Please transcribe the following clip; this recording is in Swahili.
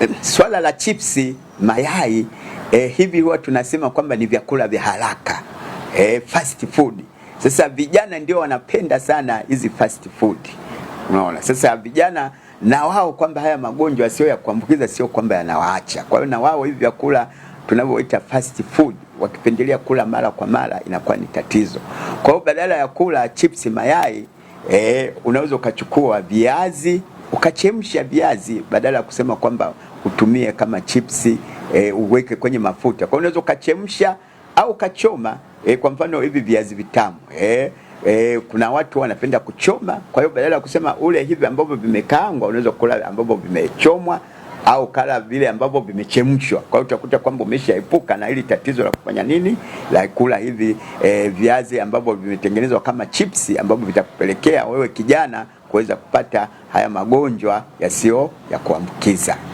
Eh, swala la chipsi, mayai eh, hivi huwa tunasema kwamba ni vyakula vya haraka eh, fast food. Sasa vijana ndio wanapenda sana hizi fast food, unaona. Sasa vijana na wao kwamba haya magonjwa sio ya kuambukiza, sio kwamba yanawaacha. Kwa hiyo na wao hivi vyakula tunavyoita fast food wakipendelea kula mara kwa mara inakuwa ni tatizo. Kwa hiyo badala ya kula chipsi mayai, eh, unaweza ukachukua viazi ukachemsha viazi badala ya kusema kwamba utumie kama chipsi e, uweke kwenye mafuta. Kwa unaweza ukachemsha au ukachoma e, kwa mfano hivi viazi vitamu e, e, kuna watu wanapenda kuchoma. Kwa hiyo badala ya kusema ule hivi ambavyo vimekaangwa, unaweza kula ambavyo vimechomwa au kala vile ambavyo vimechemshwa. Kwa hiyo utakuta kwamba umeshaepuka na hili tatizo la kufanya nini, la kula hivi e, viazi ambavyo vimetengenezwa kama chipsi ambavyo vitakupelekea wewe kijana kuweza kupata haya magonjwa yasiyo ya kuambukiza.